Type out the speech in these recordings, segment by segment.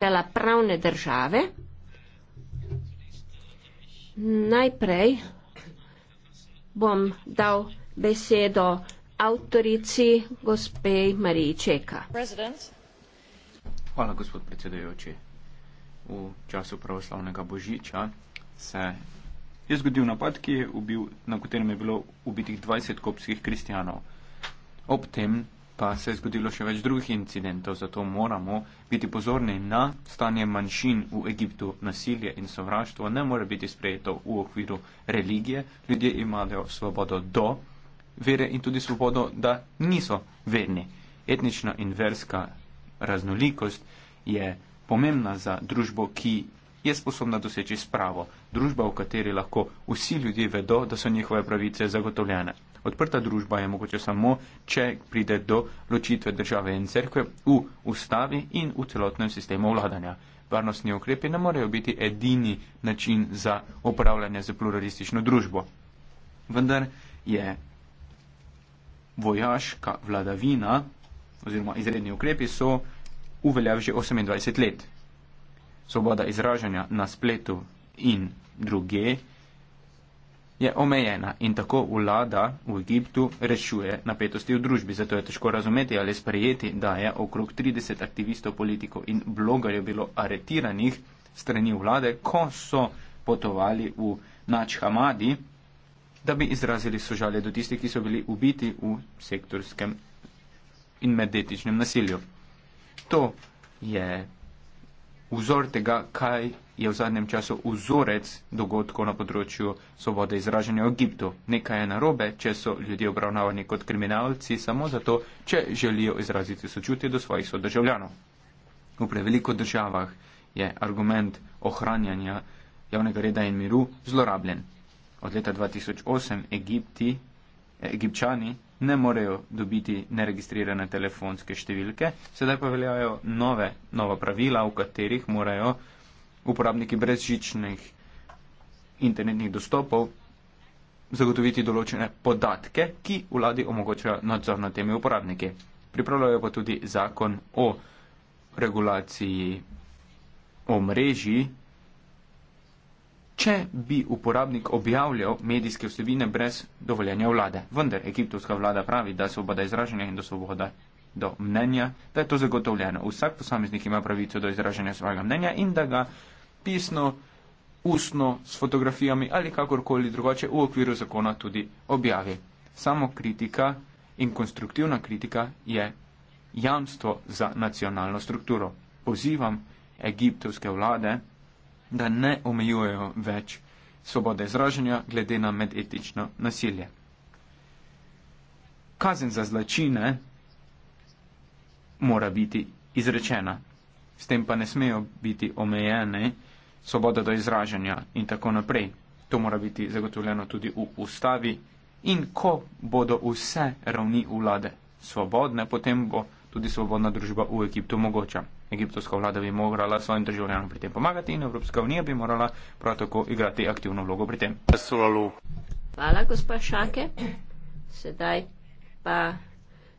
načela pravne države. Najprej bom dal besedo avtorici gospe Mariji Čeka. Hvala, gospod predsedujoči. V času pravoslavnega božiča se je zgodil napad, ki je ubil, na katerem je bilo ubitih 20 kopskih kristijanov. Ob tem pa se je zgodilo še več drugih incidentov, zato moramo biti pozorni na stanje manjšin v Egiptu. Nasilje in sovraštvo ne more biti sprejeto v okviru religije. Ljudje imajo svobodo do vere in tudi svobodo, da niso verni. Etnična in verska raznolikost je pomembna za družbo, ki je sposobna doseči spravo, družba, v kateri lahko vsi ljudje vedo, da so njihove pravice zagotovljene. Odprta družba je mogoče samo, če pride do ločitve države in cerkve v ustavi in v celotnem sistemu vladanja. Varnostni ukrepi ne morejo biti edini način za upravljanje z pluralistično družbo. Vendar je vojaška vladavina oziroma izredni ukrepi so uveljavljeni že 28 let. Svoboda izražanja na spletu in druge je omejena in tako vlada v Egiptu rešuje napetosti v družbi. Zato je težko razumeti ali sprejeti, da je okrog 30 aktivistov, politikov in blogerjev bilo aretiranih strani vlade, ko so potovali v Načhamadi, da bi izrazili sožalje do tistih, ki so bili ubiti v sektorskem in medetičnem nasilju. To je vzor tega, kaj je v zadnjem času vzorec dogodkov na področju svobode izražanja v Egiptu. Nekaj je narobe, če so ljudje obravnavani kot kriminalci samo zato, če želijo izraziti sočutje do svojih sodržavljanov. V preveliko državah je argument ohranjanja javnega reda in miru zlorabljen. Od leta 2008 Egipti, Egipčani ne morejo dobiti neregistrirane telefonske številke. Sedaj pa veljajo nove, nova pravila, v katerih morajo uporabniki brez žičnih internetnih dostopov zagotoviti določene podatke, ki vladi omogočajo nadzor nad temi uporabniki. Pripravljajo pa tudi zakon o regulaciji omrežji če bi uporabnik objavljal medijske vsebine brez dovoljenja vlade. Vendar egiptovska vlada pravi, da svoboda izražanja in da svoboda do mnenja, da je to zagotovljeno. Vsak posameznik ima pravico do izražanja svojega mnenja in da ga pisno, ustno, s fotografijami ali kakorkoli drugače v okviru zakona tudi objavi. Samo kritika in konstruktivna kritika je jamstvo za nacionalno strukturo. Pozivam egiptovske vlade, da ne omejujejo več svobode izražanja glede na medetično nasilje. Kazen za zločine mora biti izrečena, s tem pa ne smejo biti omejene svobode do izražanja in tako naprej. To mora biti zagotovljeno tudi v ustavi in ko bodo vse ravni vlade svobodne, potem bo tudi svobodna družba v Egiptu mogoča. Egiptovska vlada bi morala svojim državljanom pri tem pomagati in Evropska unija bi morala prav tako igrati aktivno vlogo pri tem. Hvala, gospa Šake. Sedaj pa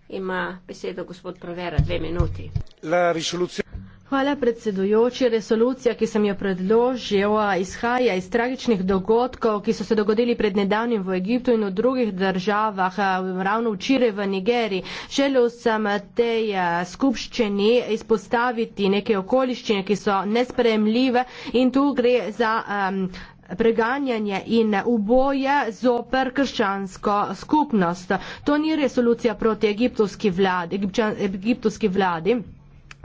ima besedo gospod Provera dve minuti. La resolucija. Hvala predsedujoči. Resolucija, ki sem jo predložil, izhaja iz tragičnih dogodkov, ki so se dogodili pred nedavnim v Egiptu in v drugih državah, ravno včeraj v Nigeriji. Želel sem tej skupščini izpostaviti neke okoliščine, ki so nespremljive in tu gre za. Um, preganjanje in uboje zoper krščansko skupnost. To ni resolucija proti egiptovski vladi. Egipčan, egiptovski vladi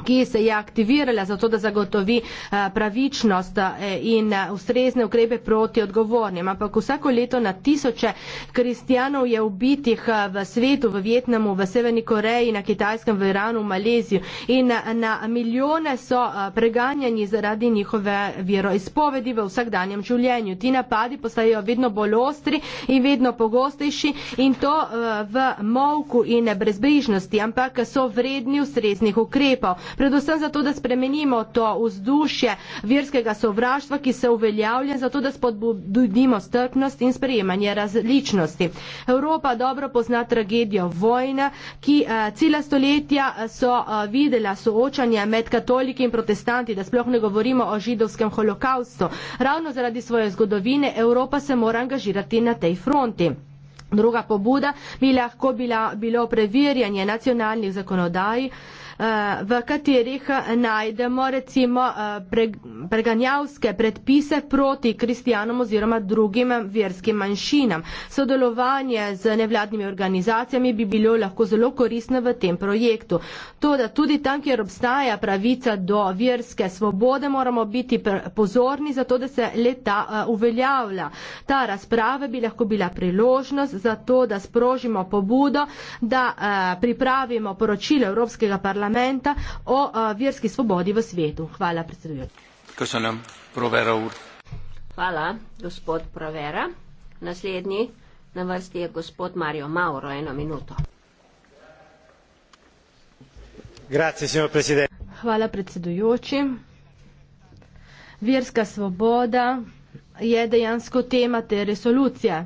ki se je aktivirala za to, da zagotovi eh, pravičnost eh, in eh, ustrezne ukrepe proti odgovornim. Ampak vsako leto na tisoče kristijanov je ubitih v svetu, v Vietnamu, v Severni Koreji, na Kitajskem, v Iranu, v Malezijo in na milijone so preganjani zaradi njihove veroizpovedi v vsakdanjem življenju. Ti napadi postajajo vedno bolj ostri in vedno pogostejši in to v molku in brezbrižnosti, ampak so vredni ustreznih ukrepov predvsem zato, da spremenimo to vzdušje verskega sovraštva, ki se uveljavlja, zato da spodbudimo strpnost in sprejemanje različnosti. Evropa dobro pozna tragedijo vojne, ki eh, cela stoletja eh, so eh, videla soočanje med katoliki in protestanti, da sploh ne govorimo o židovskem holokaustu. Ravno zaradi svoje zgodovine Evropa se mora angažirati na tej fronti. Druga pobuda bi lahko bila, bilo preverjanje nacionalnih zakonodaj. Eh, v katerih najdemo recimo eh, preganjavske predpise proti kristijanom oziroma drugim verskim manjšinam. Sodelovanje z nevladnimi organizacijami bi bilo lahko zelo korisno v tem projektu. To, da tudi tam, kjer obstaja pravica do verske svobode, moramo biti pozorni za to, da se leta eh, uveljavlja. Ta razprava bi lahko bila priložnost za to, da sprožimo pobudo, da pripravimo poročilo Evropskega parlamenta parlamenta o uh, verski svobodi v svetu. Hvala, predsedujoč. Hvala, gospod Provera. Naslednji na vrsti je gospod Mario Mauro. Eno minuto. Grazie, Hvala, predsedujoči. Verska svoboda je dejansko tema te resolucije.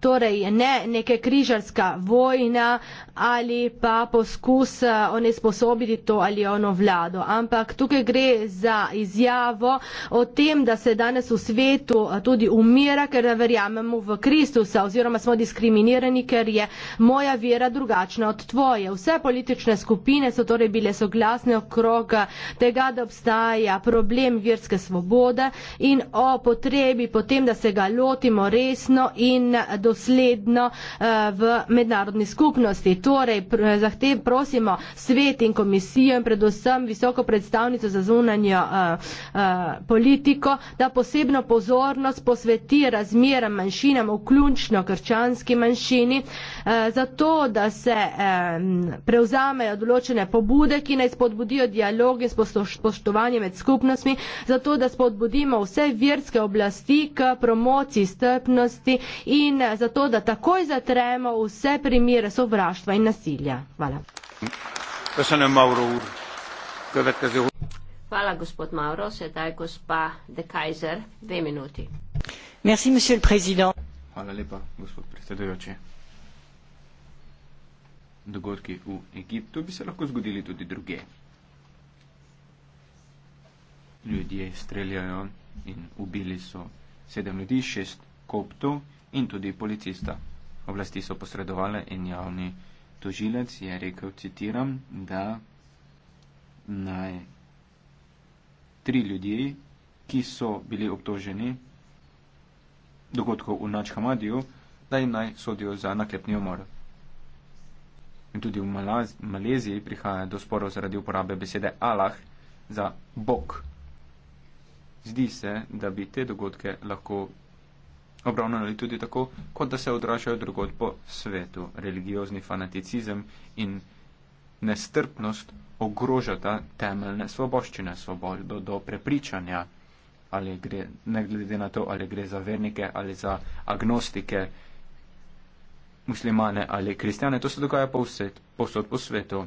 Torej, ne neka križarska vojna, ali pa poskus eh, onesposobiti to ali ono vlado. Ampak tukaj gre za izjavo o tem, da se danes v svetu eh, tudi umira, ker verjamemo v Kristusa oziroma smo diskriminirani, ker je moja vera drugačna od tvoje. Vse politične skupine so torej bile soglasne okrog eh, tega, da obstaja problem verske svobode in o potrebi potem, da se ga lotimo resno in dosledno v mednarodni skupnosti. Torej, zahtev prosimo svet in komisijo in predvsem visoko predstavnico za zunanjo uh, uh, politiko, da posebno pozornost posveti razmeram manjšinam, vključno krčanski manjšini, uh, zato da se um, prevzamejo določene pobude, ki naj spodbudijo dialog in spoštovanje med skupnostmi, zato da spodbudimo vse verske oblasti k promociji strpnosti in zato da takoj zatremo vse primere sovraštva in nasilja. Hvala. Hvala, gospod Mauro. Sedaj gospa De Kaiser, dve minuti. Merci, monsieur le président. Hvala lepa, gospod predsedujoči. Dogodki v Egiptu bi se lahko zgodili tudi druge. Ljudje streljajo in ubili so sedem ljudi, šest koptov in tudi policista. Oblasti so posredovali in javni tožilec je rekel, citiram, da naj tri ljudje, ki so bili obtoženi dogodkov v Načhamadiju, da jim naj sodijo za naklepni umor. In tudi v Malaz Maleziji prihaja do sporov zaradi uporabe besede Allah za Bog. Zdi se, da bi te dogodke lahko obravnavali tudi tako, kot da se odražajo drugod po svetu. Religiozni fanaticizem in nestrpnost ogrožata temeljne svoboščine, svobodo do prepričanja, ali gre, ne glede na to, ali gre za vernike ali za agnostike, muslimane ali kristjane. To se dogaja povsod, povsod po svetu.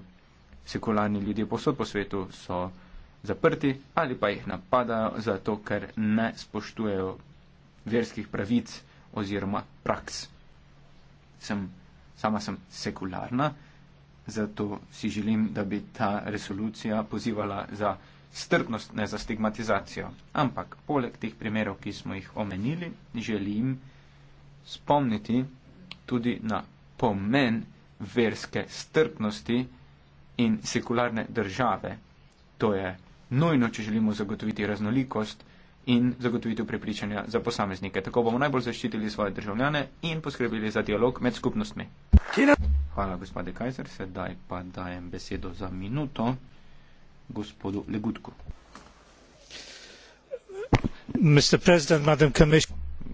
Sekularni ljudje povsod po svetu so zaprti ali pa jih napadajo zato, ker ne spoštujejo verskih pravic oziroma praks. Sem, sama sem sekularna, zato si želim, da bi ta resolucija pozivala za strpnost, ne za stigmatizacijo. Ampak poleg teh primerov, ki smo jih omenili, želim spomniti tudi na pomen verske strpnosti in sekularne države. To je nujno, če želimo zagotoviti raznolikost in zagotovitev prepričanja za posameznike. Tako bomo najbolj zaščitili svoje državljane in poskrbeli za dialog med skupnostmi. Hvala, gospode Kajzer. Sedaj pa dajem besedo za minuto gospodu Legutku.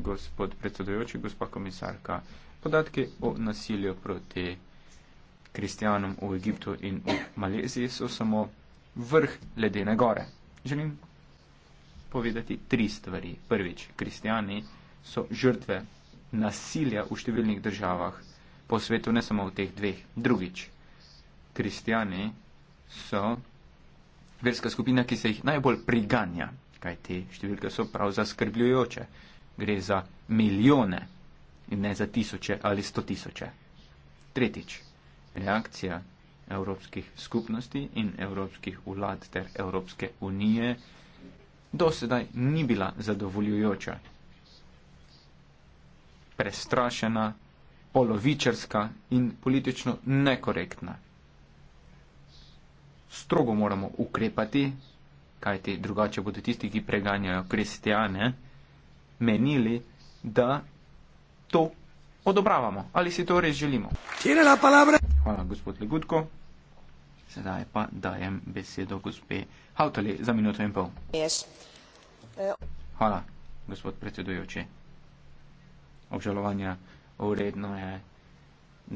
Gospod predsedujoči, gospa komisarka, podatke o nasilju proti kristijanom v Egiptu in v Maleziji so samo vrh ledene gore. Želim povedati tri stvari. Prvič, kristijani so žrtve nasilja v številnih državah po svetu, ne samo v teh dveh. Drugič, kristijani so verska skupina, ki se jih najbolj priganja, kaj te številke so prav zaskrbljujoče. Gre za milijone in ne za tisoče ali sto tisoče. Tretjič, reakcija evropskih skupnosti in evropskih vlad ter Evropske unije do sedaj ni bila zadovoljujoča. Prestrašena, polovičarska in politično nekorektna. Strogo moramo ukrepati, kajti drugače bodo tisti, ki preganjajo kristijane, menili, da to odobravamo ali si to res želimo. Hvala, gospod Legutko. Sedaj pa dajem besedo gospe Hautali za minuto in pol. Yes. Hvala, gospod predsedujoči. Obžalovanja uredno je,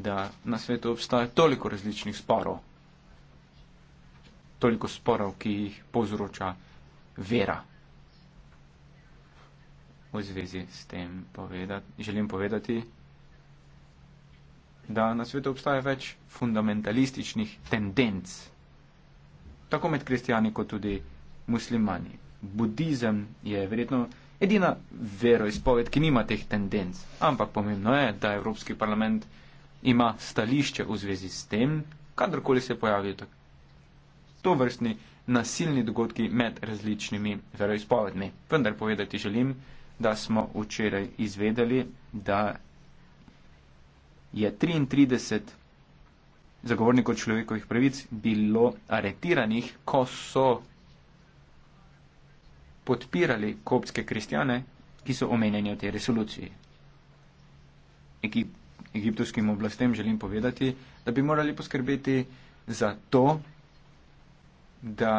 da na svetu obstaja toliko različnih sporov, toliko sporov, ki jih povzroča vera. V zvezi s tem povedati, želim povedati, da na svetu obstaja več fundamentalističnih tendenc, tako med kristijani kot tudi muslimani. Budizem je verjetno edina veroizpoved, ki nima teh tendenc, ampak pomembno je, da Evropski parlament ima stališče v zvezi s tem, kadarkoli se pojavijo to vrstni nasilni dogodki med različnimi veroizpovedmi. Vendar povedati želim, da smo včeraj izvedeli, da je 33 zagovornikov človekovih pravic bilo aretiranih, ko so podpirali koptske kristjane, ki so omenjeni v tej resoluciji. Egip, egiptovskim oblastem želim povedati, da bi morali poskrbeti za to, da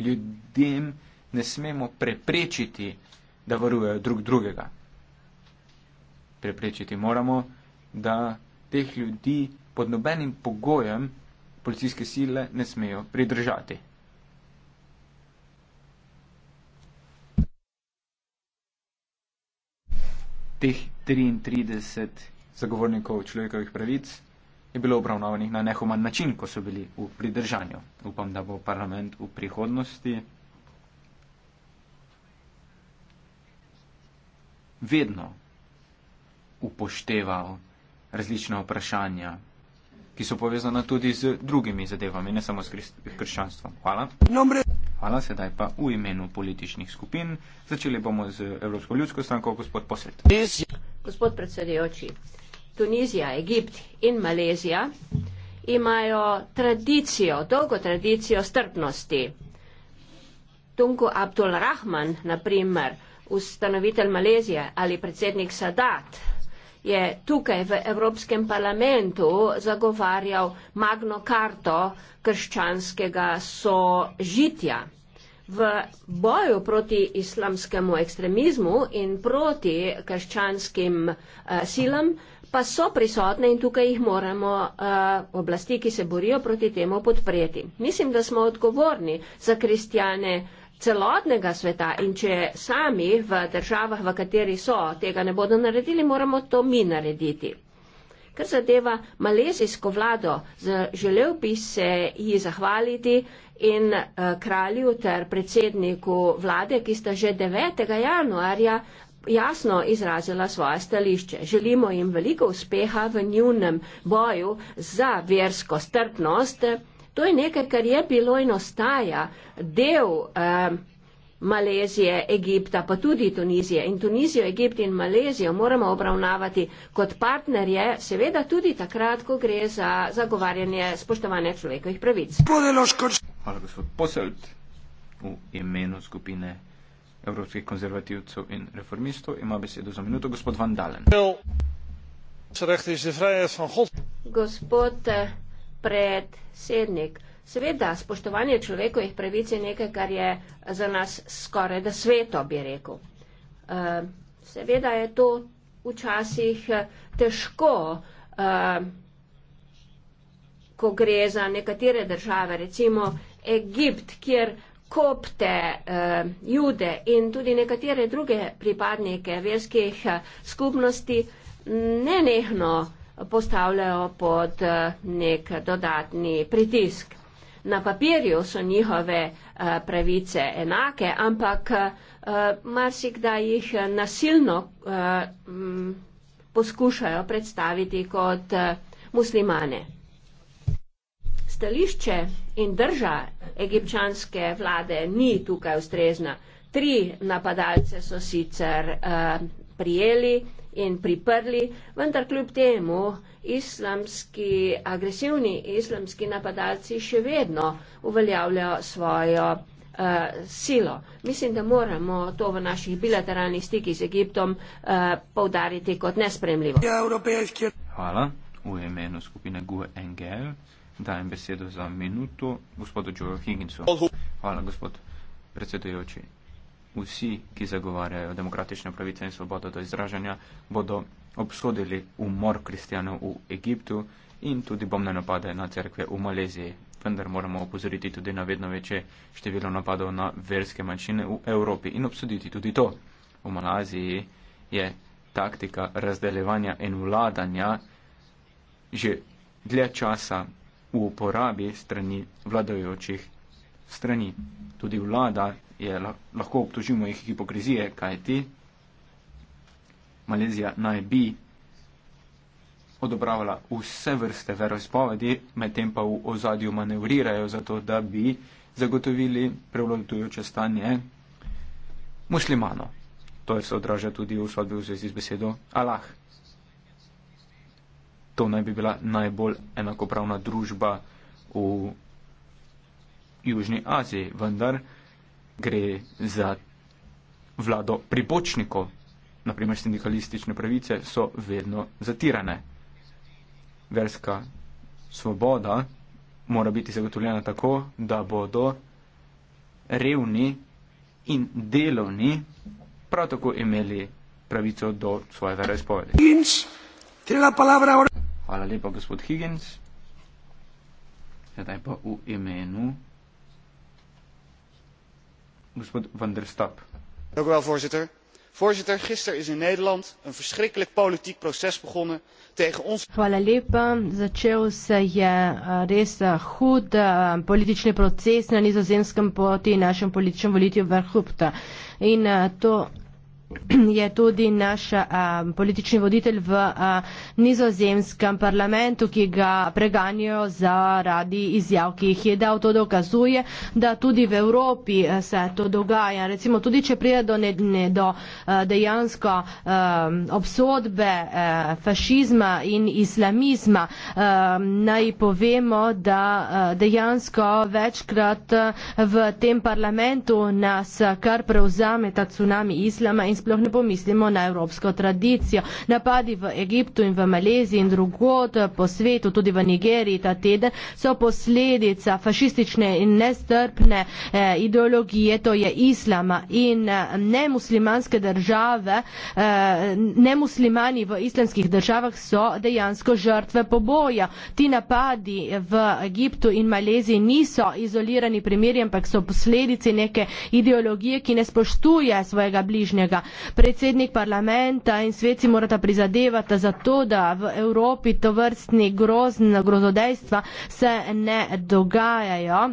ljudem ne smemo preprečiti, da varujejo drug drugega preprečiti. Moramo, da teh ljudi pod nobenim pogojem policijske sile ne smejo pridržati. Teh 33 zagovornikov človekovih pravic je bilo obravnavanih na nehoman način, ko so bili v pridržanju. Upam, da bo parlament v prihodnosti vedno upošteval različna vprašanja, ki so povezana tudi z drugimi zadevami, ne samo s krščanstvom. Hvala. Hvala, sedaj pa v imenu političnih skupin. Začeli bomo z Evropsko ljudsko stranko, gospod Posled. Gospod predsedujoči, Tunizija, Egipt in Malezija imajo tradicijo, dolgo tradicijo strpnosti. Tunku Abdul Rahman, naprimer, ustanovitelj Malezije ali predsednik Sadat, je tukaj v Evropskem parlamentu zagovarjal magno karto krščanskega sožitja. V boju proti islamskemu ekstremizmu in proti krščanskim uh, silam pa so prisotne in tukaj jih moramo uh, oblasti, ki se borijo proti temu, podpreti. Mislim, da smo odgovorni za kristjane uh, celotnega sveta in če sami v državah, v kateri so, tega ne bodo naredili, moramo to mi narediti. Kar zadeva malezijsko vlado, želel bi se ji zahvaliti in eh, kralju ter predsedniku vlade, ki sta že 9. januarja jasno izrazila svoje stališče. Želimo jim veliko uspeha v njunem boju za versko strpnost To je nekaj, kar je bilo in ostaja del eh, Malezije, Egipta, pa tudi Tunizije. In Tunizijo, Egipt in Malezijo moramo obravnavati kot partnerje, seveda tudi takrat, ko gre za zagovarjanje spoštovanja človekovih pravic. Hvala, gospod Poselt, v imenu skupine. Evropskih konzervativcev in reformistov ima besedo za minuto gospod Van Dalen. Gospod eh, predsednik. Seveda, spoštovanje človekovih pravic je nekaj, kar je za nas skoraj da sveto, bi rekel. Eh, seveda je to včasih eh, težko, eh, ko gre za nekatere države, recimo Egipt, kjer kopte, jude in tudi nekatere druge pripadnike verskih skupnosti nenehno postavljajo pod eh, nek dodatni pritisk. Na papirju so njihove eh, pravice enake, ampak eh, marsikdaj jih nasilno poskušajo predstaviti kot muslimane. Stališče in drža egipčanske vlade ni tukaj ustrezna. Tri napadalce so sicer prijeli, in priprli, vendar kljub temu islamski, agresivni islamski napadalci še vedno uveljavljajo svojo uh, silo. Mislim, da moramo to v naših bilateralnih stikih z Egiptom uh, eh, povdariti kot nespremljivo. Ja, Hvala. V imenu skupine GUE NGL dajem besedo za minuto gospodu Joe Higginsu. Hvala, gospod predsedujoči vsi, ki zagovarjajo demokratične pravice in svobodo do izražanja, bodo obsodili umor kristjanov v Egiptu in tudi bombne napade na cerkve v Maleziji. Vendar moramo opozoriti tudi na vedno večje število napadov na verske manjšine v Evropi in obsoditi tudi to. V Malaziji je taktika razdeljevanja in vladanja že dlje časa v uporabi strani vladajočih strani. Tudi vlada je lahko obtožimo jih hipokrizije, kaj ti. Malezija naj bi odobravala vse vrste veroizpovedi, medtem pa v ozadju manevrirajo zato, da bi zagotovili prevladujoče stanje muslimano. To se odraža tudi v sodbi v zvezi z besedo Allah. To naj bi bila najbolj enakopravna družba v Južni Aziji, vendar gre za vlado pribočnikov, naprimer sindikalistične pravice, so vedno zatirane. Verska svoboda mora biti zagotovljena tako, da bodo revni in delovni prav tako imeli pravico do svoje veroizpovedi. Higgins, Hvala lepa, gospod Higgins. Zdaj pa v imenu gospod van der Stap. Dank u wel, voorzitter. Voorzitter, gisteren is in Nederland een verschrikkelijk politiek proces begonnen tegen ons. Hvala lepa. Začel se je eh, res eh, hud eh, politični proces na nizozemskem poti našem političnem volitju Verhoopta. In to je tudi naš a, politični voditelj v a, nizozemskem parlamentu, ki ga preganjajo zaradi izjav, ki jih je dal. To dokazuje, da tudi v Evropi a, se to dogaja. Recimo, tudi če prije do, ne, ne, do a, dejansko a, obsodbe a, fašizma in islamizma, a, naj povemo, da a, dejansko večkrat a, v tem parlamentu nas kar prevzame ta tsunami islama in sploh ne pomislimo na evropsko tradicijo. Napadi v Egiptu in v Maleziji in drugod po svetu, tudi v Nigeriji ta teden, so posledica fašistične in nestrpne eh, ideologije, to je islama in eh, nemuslimanske države, eh, nemuslimani v islamskih državah so dejansko žrtve poboja. Ti napadi v Egiptu in Maleziji niso izolirani primeri, ampak so posledice neke ideologije, ki ne spoštuje svojega bližnjega predsednik parlamenta in svet si morata prizadevati za to, da v Evropi to vrstni grozn, grozodejstva se ne dogajajo.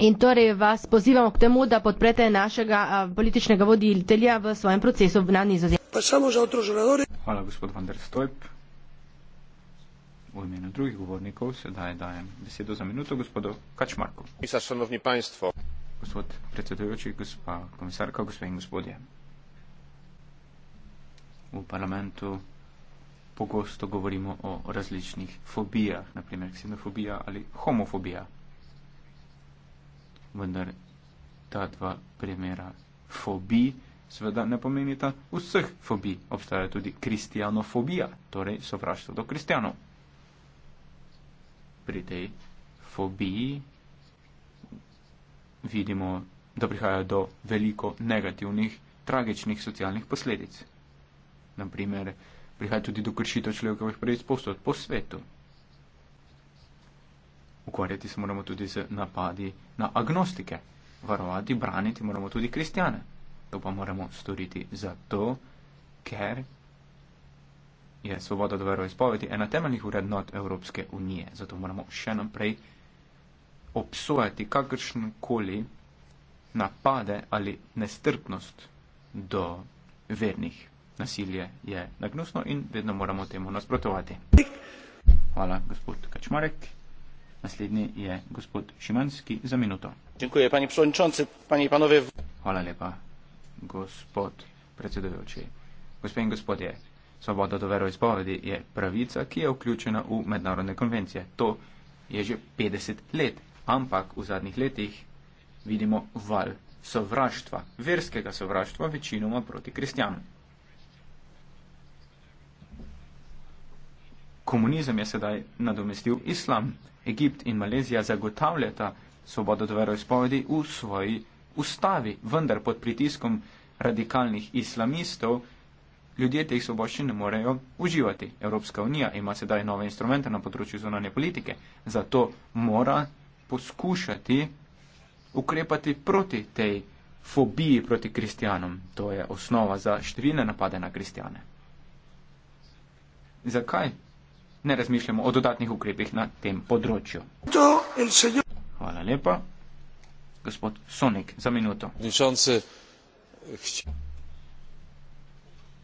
In torej vas pozivamo k temu, da podprete našega političnega voditelja v svojem procesu na nizozemskem. Hvala, gospod Van der Stojp. V imenu drugih govornikov sedaj dajem besedo za minuto gospodu Kačmarku. Gospod predsedujoči, gospa komisarka, gospod in gospodje v parlamentu pogosto govorimo o različnih fobijah, naprimer ksenofobija ali homofobija. Vendar ta dva primera fobij seveda ne pomenita vseh fobij. Obstaja tudi kristjanofobija, torej sovraštvo do kristjanov. Pri tej fobiji vidimo, da prihaja do veliko negativnih, tragičnih socialnih posledic naprimer, prihaja tudi do kršitev človekovih pravic posod po svetu. Ukvarjati se moramo tudi z napadi na agnostike, varovati, braniti moramo tudi kristjane. To pa moramo storiti zato, ker je svoboda do veroizpovedi ena temeljnih urednot Evropske unije. Zato moramo še naprej obsojati kakršnekoli napade ali nestrpnost do vernih nasilje je nagnusno in vedno moramo temu nasprotovati. Hvala, gospod Kačmarek. Naslednji je gospod Šimanski za minuto. Dziękuję, panie przewodniczący, panie i panowie. Hvala lepa, gospod predsedujoči. Gospe in gospodje, svoboda do veroizpovedi je pravica, ki je vključena v mednarodne konvencije. To je že 50 let, ampak v zadnjih letih vidimo val sovraštva, verskega sovraštva večinoma proti kristjanom. komunizem je sedaj nadomestil islam. Egipt in Malezija zagotavljata svobodo do veroizpovedi v svoji ustavi, vendar pod pritiskom radikalnih islamistov ljudje teh svoboščin ne morejo uživati. Evropska unija ima sedaj nove instrumente na področju zunanje politike, zato mora poskušati ukrepati proti tej fobiji proti kristijanom. To je osnova za številne napade na kristijane. Zakaj ne razmišljamo o dodatnih ukrepih na tem področju. Hvala lepa. Gospod Sonik, za minuto.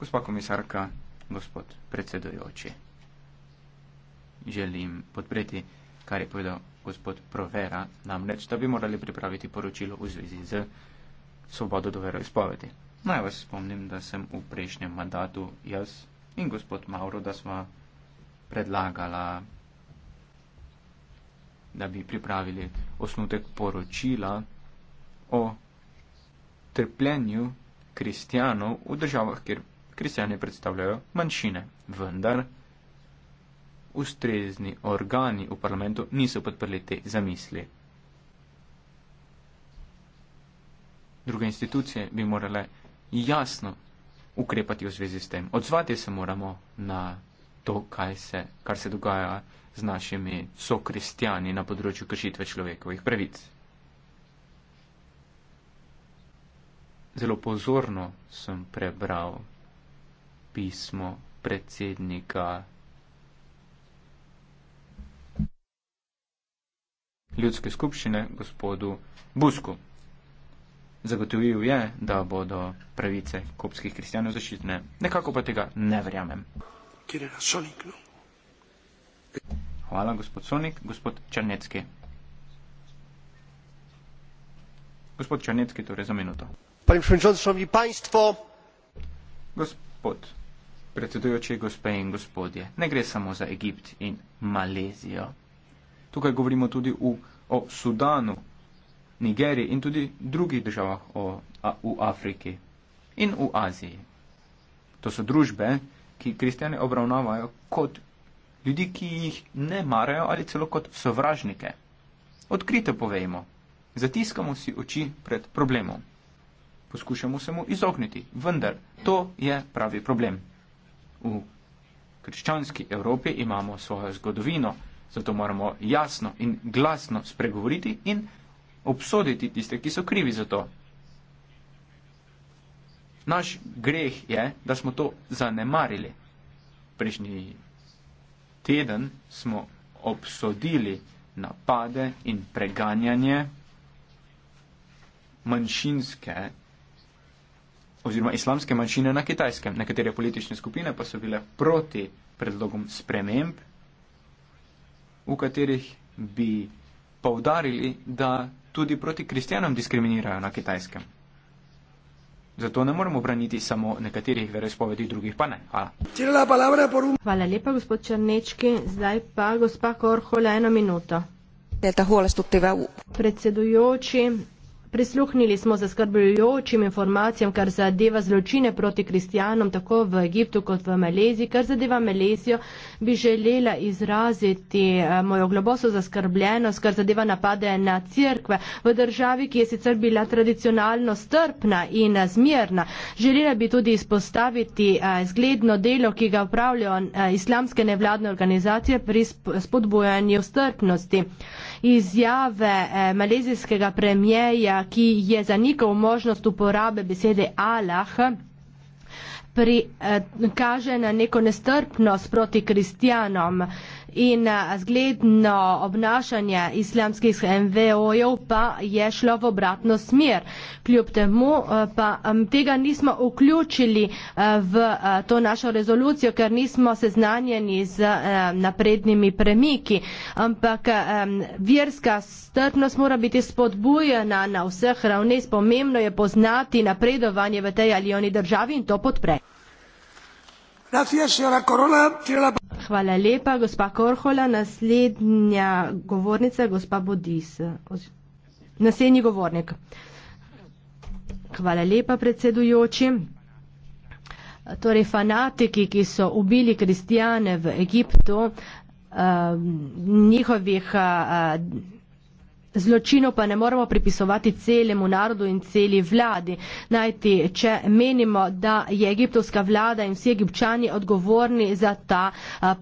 Gospa komisarka, gospod predsedojoči, želim podpreti, kar je povedal gospod Provera, namreč, da bi morali pripraviti poročilo v zvezi z svobodo do vero izpovedi. Naj vas spomnim, da sem v prejšnjem mandatu jaz in gospod Mauro, da smo predlagala, da bi pripravili osnutek poročila o trpljenju kristijanov v državah, kjer kristijani predstavljajo manjšine. Vendar ustrezni organi v parlamentu niso podprli te zamisli. Druge institucije bi morale jasno ukrepati v zvezi s tem. Odzvati se moramo na to, se, kar se dogaja z našimi sokristijani na področju kršitve človekovih pravic. Zelo pozorno sem prebral pismo predsednika ljudske skupščine gospodu Busku. Zagotovil je, da bodo pravice kopskih kristijanov zaščitne. Nekako pa tega ne verjamem. ¿no? Hvala, gospod Sonik. Gospod Črnecki. Gospod Črnecki, torej za minuto. Gospod predsedujoči, gospe in gospodje, ne gre samo za Egipt in Malezijo. Tukaj govorimo tudi v, o Sudanu, Nigeriji in tudi drugih državah o, a, v Afriki in v Aziji. To so družbe, ki kristjane obravnavajo kot ljudi, ki jih ne marajo ali celo kot sovražnike. Odkrito povejmo, zatiskamo si oči pred problemom. Poskušamo se mu izogniti, vendar to je pravi problem. V krščanski Evropi imamo svojo zgodovino, zato moramo jasno in glasno spregovoriti in obsoditi tiste, ki so krivi za to, Naš greh je, da smo to zanemarili. Prejšnji teden smo obsodili napade in preganjanje manjšinske oziroma islamske manjšine na kitajskem. Nekatere politične skupine pa so bile proti predlogom sprememb, v katerih bi povdarili, da tudi proti kristjanom diskriminirajo na kitajskem. Zato ne moremo braniti samo nekaterih verespovedi, drugih pa ne. Hvala. Hvala lepa, gospod Črnečki. Zdaj pa gospa Korhola, eno minuto. Predsedujoči, Prisluhnili smo zaskrbljujočim informacijam, kar zadeva zločine proti kristijanom, tako v Egiptu kot v Maleziji. Kar zadeva Malezijo, bi želela izraziti eh, mojo globoso zaskrbljenost, kar zadeva napade na crkve v državi, ki je sicer bila tradicionalno strpna in eh, zmirna. Želela bi tudi izpostaviti eh, zgledno delo, ki ga upravljajo islamske nevladne organizacije pri spodbojanju strpnosti. Izjave malezijskega premijeja ki je zanikal možnost uporabe besede Allah, pri, eh, kaže na neko nestrpnost proti kristjanom. Eh, in zgledno obnašanje islamskih NVO-jev pa je šlo v obratno smer. Kljub temu pa tega nismo vključili v to našo rezolucijo, ker nismo seznanjeni z naprednimi premiki. Ampak verska strpnost mora biti spodbujena na vseh ravneh. Pomembno je poznati napredovanje v tej ali oni državi in to podpreti. Hvala lepa, gospa Korhola. Naslednja govornica je gospa Bodis. Naslednji govornik. Hvala lepa, predsedujoči. Torej, fanatiki, ki so ubili kristijane v Egiptu, eh, njihovih eh, Zločino pa ne moremo pripisovati celemu narodu in celi vladi. Najti, če menimo, da je egiptovska vlada in vsi egipčani odgovorni za ta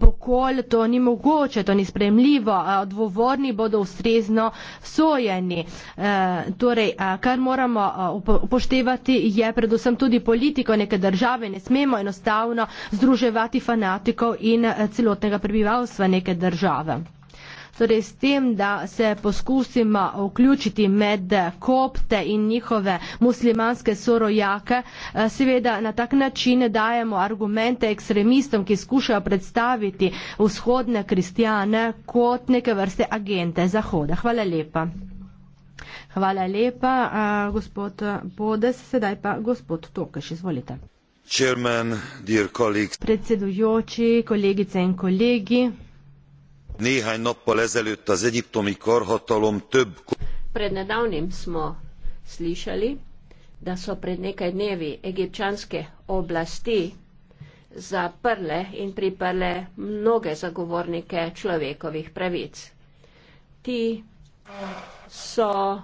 pokol, to ni mogoče, to ni spremljivo. Odgovorni bodo ustrezno sojeni. E, torej, kar moramo upoštevati je predvsem tudi politiko neke države. Ne smemo enostavno združevati fanatikov in celotnega prebivalstva neke države torej s tem, da se poskusimo vključiti med kopte in njihove muslimanske sorojake, eh, seveda na tak način dajemo argumente ekstremistom, ki skušajo predstaviti vzhodne kristijane kot neke vrste agente Zahoda. Hvala lepa. Hvala lepa, uh, gospod Bodes, sedaj pa gospod Tokaš, izvolite. Chairman, dear colleagues. Predsedujoči, kolegice in kolegi néhány nappal ezelőtt az egyiptomi karhatalom több. pred nedavnim smo slišali da so pred nekaj dnevi egipčanske oblasti zaprle in priprle mnoge zagovornike človekovih pravic ti so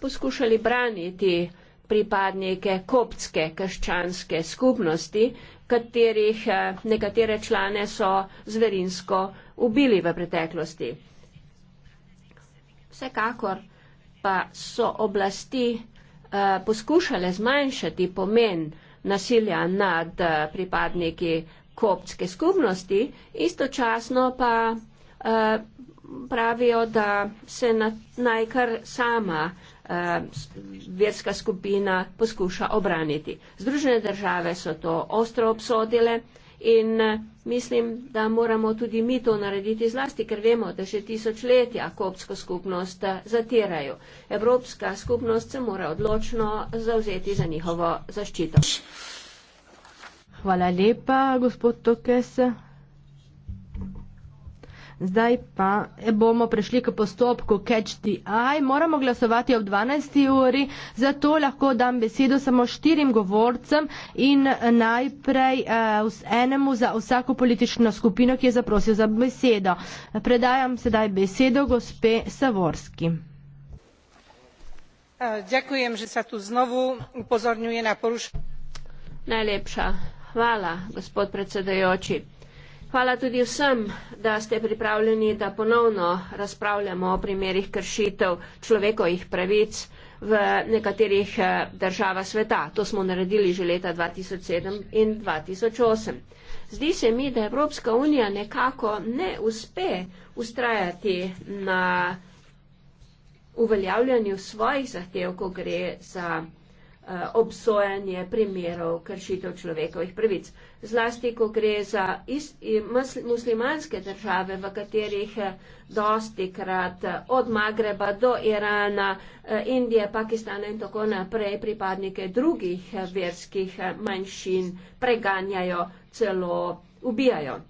poskušali braniti pripadnike koptske krščanske skupnosti katerih eh, nekatere člane so zverinsko ubili v preteklosti. Vsekakor pa so oblasti eh, poskušale zmanjšati pomen nasilja nad eh, pripadniki koptske skupnosti, istočasno pa pravijo, da se naj kar sama eh, verska skupina poskuša obraniti. Združene države so to ostro obsodile in eh, mislim, da moramo tudi mi to narediti zlasti, ker vemo, da že tisočletja kopsko skupnost eh, zatirajo. Evropska skupnost se mora odločno zauzeti za njihovo zaščito. Hvala lepa, gospod Tokes. Zdaj pa e, bomo prišli k postopku Catch the Eye. Moramo glasovati ob 12. uri, zato lahko dam besedo samo štirim govorcem in eh, najprej e, enemu za vsako politično skupino, ki je zaprosil za besedo. Predajam sedaj besedo gospe Savorski. Ďakujem, že sa tu znovu upozorňuje na porušenie. Najlepša. Hvala, gospod predsedajoči. Hvala tudi vsem, da ste pripravljeni, da ponovno razpravljamo o primerih kršitev človekovih pravic v nekaterih eh, državah sveta. To smo naredili že leta 2007 in 2008. Zdi se mi, da Evropska unija nekako ne uspe ustrajati na uveljavljanju svojih zahtev, ko gre za Eh, obsojanje primerov kršitev človekovih pravic. Zlasti, ko gre za is, mus, muslimanske države, v katerih eh, dosti krat eh, od Magreba do Irana, Indije, Pakistana in tako naprej pripadnike drugih verskih manjšin preganjajo, celo ubijajo.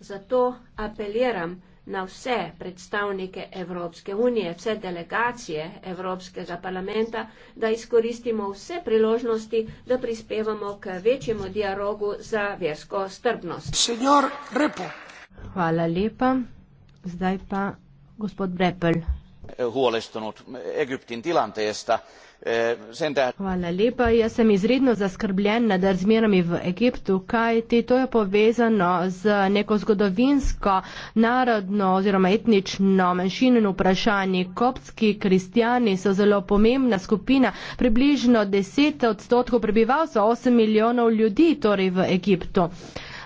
Zato apeliram, da na vse predstavnike Evropske unije, vse delegacije Evropskega parlamenta, da izkoristimo vse priložnosti, da prispevamo k večjemu dialogu za versko strpnost. Hvala lepa. Zdaj pa gospod Brepel. Huolestunut Egyptin tilanteesta. Eh, Hvala lepa. Jaz sem izredno zaskrbljen nad razmerami v Egiptu, kajti to je povezano z neko zgodovinsko, narodno oziroma etnično manjšino in vprašanje. Kopski kristijani so zelo pomembna skupina, približno 10 odstotkov prebivalstva, 8 milijonov ljudi torej v Egiptu.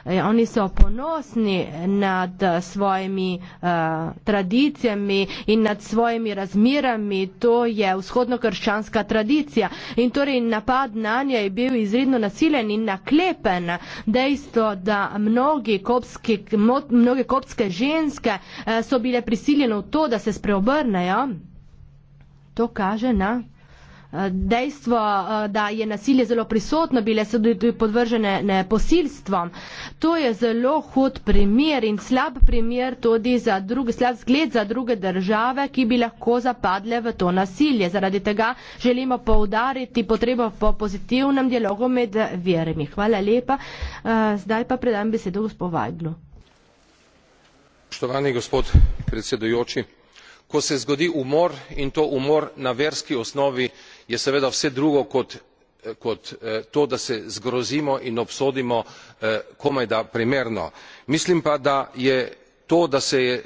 Eh, oni so ponosni nad eh, svojimi uh, tradicijami in nad svojimi razmirami, to je vzhodnokrščanska tradicija. In torej napad na nje je bil izredno nasilen in naklepen. Dejstvo, da mnogi kopski, mnoge kopske ženske uh, so bile prisiljene v to, da se spreobrnejo, to kaže na dejstvo, eh, da je nasilje zelo prisotno, bile so tudi podvržene posilstvom. To je zelo hud primer in slab primer tudi za druge, slab zgled za druge države, ki bi lahko zapadle v to nasilje. Zaradi tega želimo poudariti potrebo po pozitivnem dialogu med verami. Hvala lepa. Eh, zdaj pa predam besedo gospod Vajdlu. Poštovani gospod predsedujoči, ko se zgodi umor in to umor na verski osnovi, je seveda vse drugo kot eh, eh, to da se zgrozimo in obsodimo eh, komajda primerno. mislim pa da je to da se je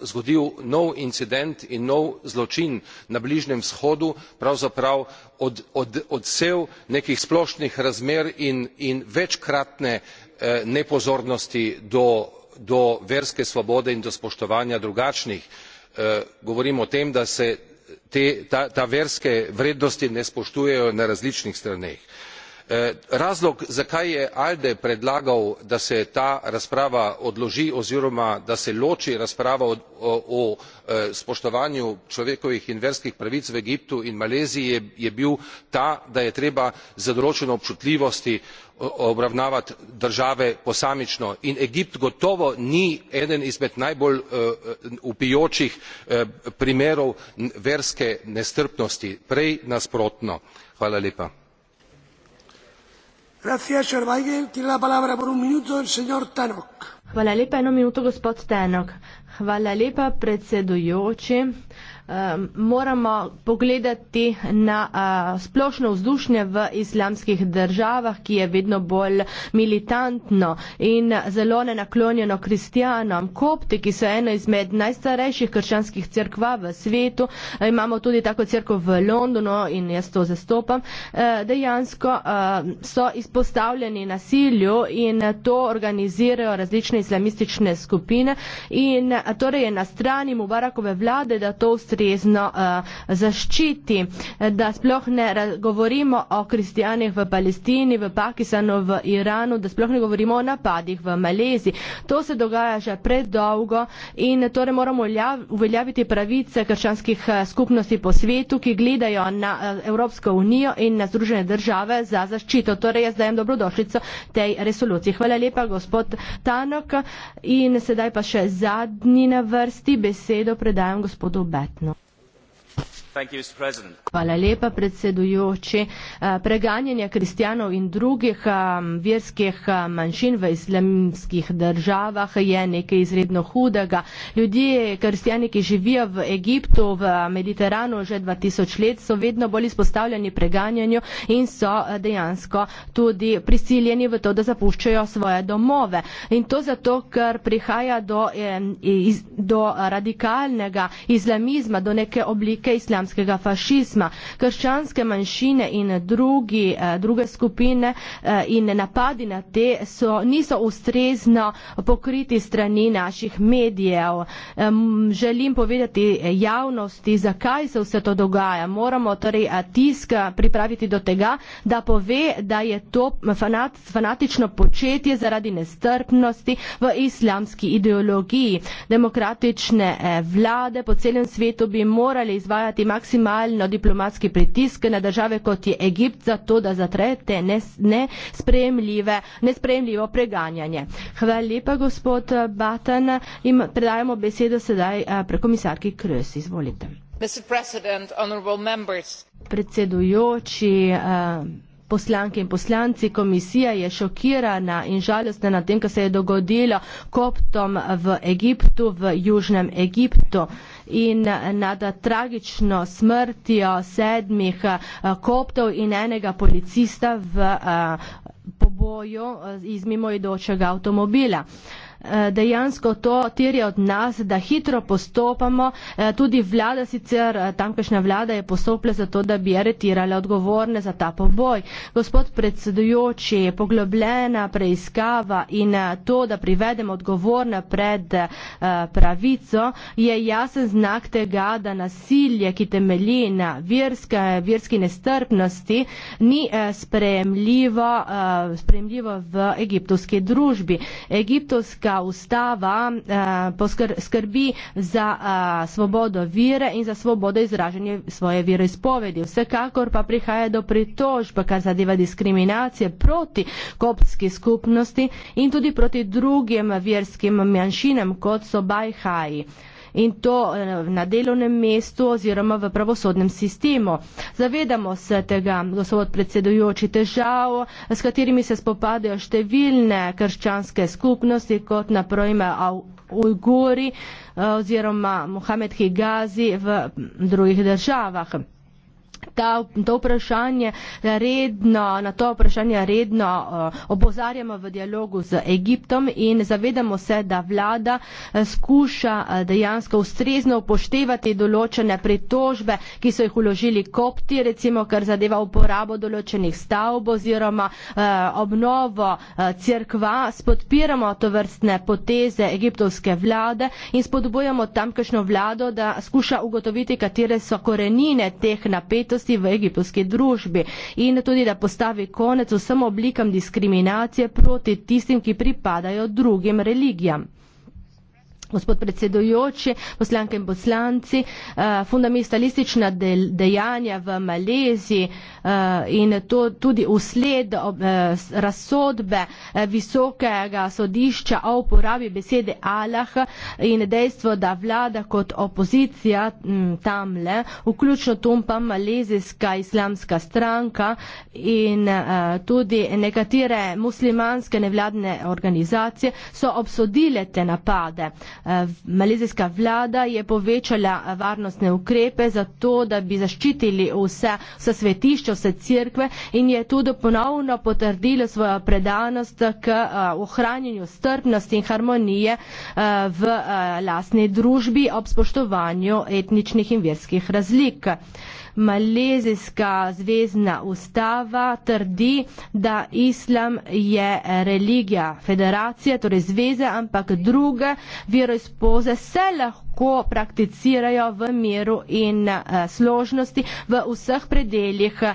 zgodil nov incident in nov zločin na bližnjem vzhodu pravzaprav odsev nekih splošnih razmer in večkratne nepozornosti do verske svobode in do spoštovanja drugačnih. govorim o tem da se te verske vrednosti ne spoštujejo na različnih straneh. Eh, razlog zakaj je alde predlagal da se ta razprava odloži oziroma da se loči razprava o eh, spoštovanju človekovih in verskih pravic v egiptu in maleziji je bil ta da je treba z določeno občutljivostjo eh, obravnavati države posamično in egipt gotovo ni eden izmed najbolj vpijočih primerov verske nestrpnosti prej nasprotno. Hvala lepa, predsedujoči moramo pogledati na splošno vzdušnje v islamskih državah, ki je vedno bolj militantno in zelo nenaklonjeno kristijanom. Kopti, ki so eno izmed najstarejših krščanskih crkva v svetu, imamo tudi tako crkvo v Londonu in jaz to zastopam, dejansko so izpostavljeni nasilju in to organizirajo različne islamistične skupine in torej je na strani Mubarakove vlade, da to ustrezajo ustrezno uh, zaščiti. Eh, da sploh ne govorimo o kristijanih v Palestini, v Pakistanu, v Iranu, da sploh ne govorimo o napadih v Maleziji. To se dogaja že predolgo in torej moramo uveljaviti pravice krščanskih eh, skupnosti po svetu, ki gledajo na Evropsko unijo in na Združene države za zaščito. Torej jaz dajem dobrodošlico tej resoluciji. Hvala lepa, gospod Tanok. In sedaj pa še zadnji na vrsti besedo predajam gospodu Betnu. Hvala lepa, predsedujoči. Eh, preganjanje kristjanov in drugih eh, verskih eh, manjšin v islamskih državah je nekaj izredno hudega. Ljudje, kristjani, ki živijo v Egiptu, v Mediteranu že 2000 let, so vedno bolj izpostavljeni preganjanju in so dejansko tudi prisiljeni v to, da zapuščajo svoje domove. In to zato, ker prihaja do, do radikalnega islamizma, do neke oblike islamske islamskega fašizma, krščanske manjšine in drugi, eh, druge skupine eh, in napadi na te so, niso ustrezno pokriti strani naših medijev. Želim povedati javnosti, zakaj se vse to dogaja. Moramo torej eh, tisk pripraviti do tega, da pove, da je to fanat, fanatično početje zaradi nestrpnosti v islamski ideologiji. Demokratične vlade po celem svetu bi morali izvajati maksimalno diplomatski pritisk na države kot je Egipt za to, da zatrete nesprejemljive, nesprejemljivo preganjanje. Hvala lepa, gospod Batan. In predajamo besedo sedaj eh, prekomisarki Krös. Izvolite. Predsedujoči, eh, poslanke in poslanci, komisija je šokirana in žalostna na tem, kar se je dogodilo koptom v Egiptu, v južnem Egiptu in nad tragično smrtjo sedmih eh, koptov in enega policista v eh, poboju eh, iz mimoidočega avtomobila. Eh, dejansko to terje od nas, da hitro postopamo. Eh, tudi vlada sicer, eh, tamkajšnja vlada je postopila za to, da bi aretirala odgovorne za ta poboj. Gospod predsedujoči, poglobljena preiskava in to, da privedemo odgovorne pred pravico, je jasen znak tega, da nasilje, ki temelji na verske, verski nestrpnosti, ni sprejemljivo, sprejemljivo v egiptovski družbi. Egiptovska za ustava eh, skrbi za eh, svobodo vire in za svobodo izražanja svoje veroizpovedi. Vsekakor pa prihaja do pritožb, kar zadeva diskriminacije proti koptski skupnosti in tudi proti drugim verskim manjšinam, kot so bajhaji in to eh, na delovnem mestu oziroma v pravosodnem sistemu. Zavedamo se tega, gospod predsedujoči, težav, s katerimi se spopadajo številne krščanske skupnosti, kot naprojme Ujguri eh, oziroma Mohamed Higazi v drugih državah ta, to vprašanje redno, na to vprašanje redno eh, opozarjamo v dialogu z Egiptom in zavedamo se, da vlada eh, skuša eh, dejansko ustrezno upoštevati določene pritožbe, ki so jih uložili kopti, recimo, kar zadeva uporabo določenih stavb oziroma obnovo crkva. Spodpiramo to vrstne poteze egiptovske vlade in spodbujamo tamkajšnjo vlado, da skuša ugotoviti, katere so korenine teh napetosti enakosti v egiptovski družbi in tudi, da postavi konec vsem oblikam diskriminacije proti tistim, ki pripadajo drugim religijam gospod predsedujoči, poslanke in poslanci, eh, fundamentalistična dejanja v Maleziji eh, in to tudi usled eh, razsodbe visokega sodišča o uporabi besede Allah in dejstvo, da vlada kot opozicija mm, tamle, vključno tom pa malezijska islamska stranka in tudi nekatere muslimanske nevladne organizacije so obsodile te napade. Eh, malezijska vlada je povečala varnostne ukrepe za to, da bi zaščitili vse, vse svetišče, vse crkve in je tudi ponovno potrdila svojo predanost k eh, ohranjanju strpnosti in harmonije eh, v lasni družbi ob spoštovanju etničnih in verskih razlik. Malezijska zvezdna ustava trdi, da islam je religija federacije, torej zveze, ampak druge veroizpoze se lahko lahko prakticirajo v miru in uh, složnosti v vseh predeljih uh,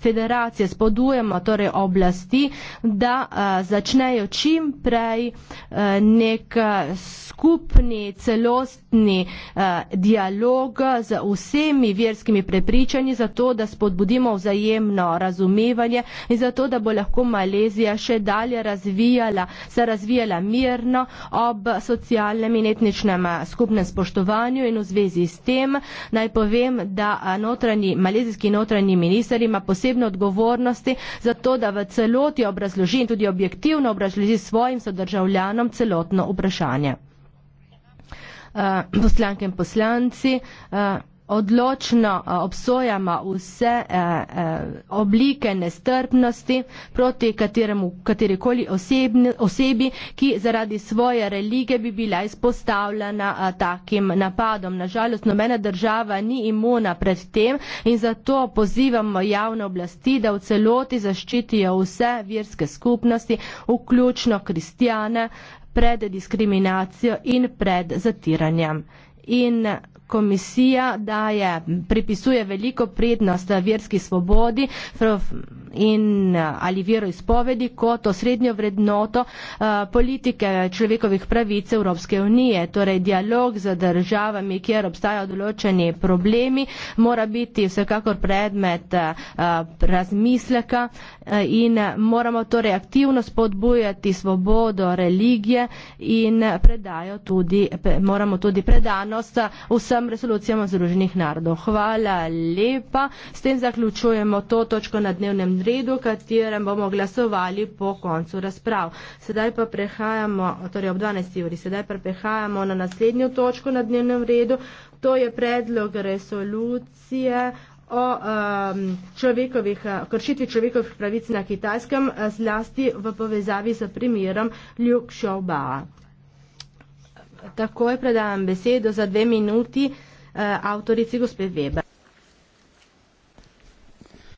federacije. Spodujemo torej oblasti, da uh, začnejo čim prej uh, nek skupni, celostni uh, dialog z vsemi verskimi prepričanji, zato da spodbudimo vzajemno razumevanje in zato, da bo lahko Malezija še dalje razvijala, se razvijala mirno ob socialnem in etničnem skupnosti na spoštovanju in v zvezi s tem naj povem, da notranji, malezijski notranji minister ima posebno odgovornosti za to, da v celoti obrazloži in tudi objektivno obrazloži svojim sodržavljanom celotno vprašanje. Uh, poslanke in poslanci, uh, odločno eh, obsojamo vse eh, eh, oblike nestrpnosti proti kateremu, katerikoli osebni, osebi, ki zaradi svoje religije bi bila izpostavljena takim napadom. Nažalost, nobena država ni imuna pred tem in zato pozivamo javne oblasti, da v celoti zaščitijo vse verske skupnosti, vključno kristjane, pred diskriminacijo in pred zatiranjem. In komisija daje, pripisuje veliko prednost verski svobodi in ali veroizpovedi kot osrednjo vrednoto eh, politike človekovih pravic Evropske unije. Torej dialog z državami, kjer obstajajo določeni problemi, mora biti vsekakor predmet eh, razmisleka eh, in moramo torej aktivno spodbujati svobodo religije in predajo tudi, moramo tudi predanost vsem vsem resolucijam Združenih narodov. Hvala lepa. S tem zaključujemo to točko na dnevnem redu, katerem bomo glasovali po koncu razprav. Sedaj pa prehajamo, torej ob 12. uri, sedaj pa prehajamo na naslednjo točko na dnevnem redu. To je predlog resolucije o um, človekovih, kršitvi človekovih pravic na kitajskem, zlasti v povezavi s primerom Liu Xiaobao. Takoj predavam besedo za dve minuti uh, avtorici gospe Weber.